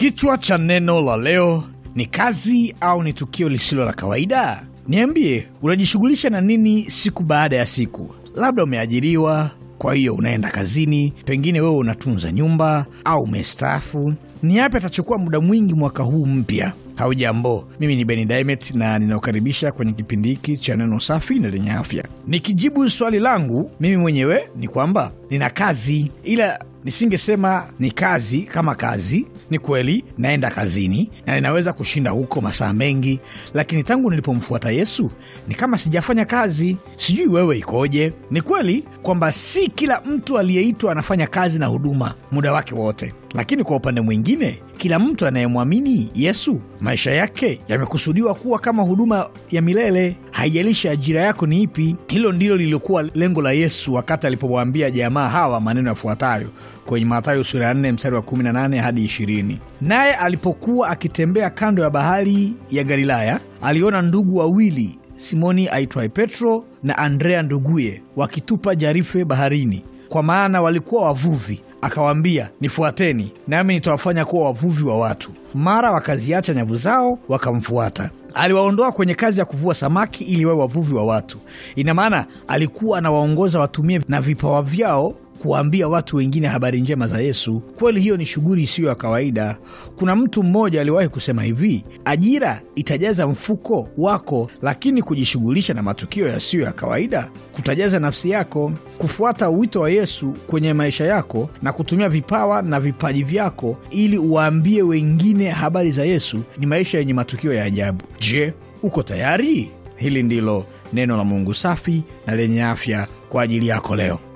Kichwa cha neno la leo ni kazi au ni tukio lisilo la kawaida? Niambie, unajishughulisha na nini siku baada ya siku? Labda umeajiriwa, kwa hiyo unaenda kazini. Pengine wewe unatunza nyumba au umestaafu. Ni yapi atachukua muda mwingi mwaka huu mpya? Haujambo, mimi ni Beni Dimet na ninaokaribisha kwenye kipindi hiki cha neno safi na lenye afya. Nikijibu swali langu mimi mwenyewe ni kwamba nina kazi, ila nisingesema ni kazi kama kazi, ni kweli naenda kazini na ninaweza kushinda huko masaa mengi, lakini tangu nilipomfuata Yesu ni kama sijafanya kazi. Sijui wewe ikoje? Ni kweli kwamba si kila mtu aliyeitwa anafanya kazi na huduma muda wake wote, lakini kwa upande mwingine, kila mtu anayemwamini Yesu maisha yake yamekusudiwa kuwa kama huduma ya milele haijalishi ajira yako ni ipi. Hilo ndilo lililokuwa lengo la Yesu wakati alipowaambia jamaa hawa maneno yafuatayo kwenye Mathayo sura ya 4 mstari wa 18 hadi 20: naye alipokuwa akitembea kando ya bahari ya Galilaya, aliona ndugu wawili Simoni aitwaye Petro na Andrea nduguye wakitupa jarife baharini, kwa maana walikuwa wavuvi akawaambia, nifuateni nami nitawafanya kuwa wavuvi wa watu. Mara wakaziacha nyavu zao wakamfuata. Aliwaondoa kwenye kazi ya kuvua samaki ili wawe wavuvi wa watu. Ina maana alikuwa anawaongoza watumie na vipawa vyao kuwaambia watu wengine habari njema za Yesu. Kweli hiyo ni shughuli isiyo ya kawaida. Kuna mtu mmoja aliwahi kusema hivi, ajira itajaza mfuko wako, lakini kujishughulisha na matukio yasiyo ya kawaida kutajaza nafsi yako. Kufuata wito wa Yesu kwenye maisha yako na kutumia vipawa na vipaji vyako ili uwaambie wengine habari za Yesu ni maisha yenye matukio ya ajabu. Je, uko tayari? Hili ndilo neno la Mungu safi na lenye afya kwa ajili yako leo.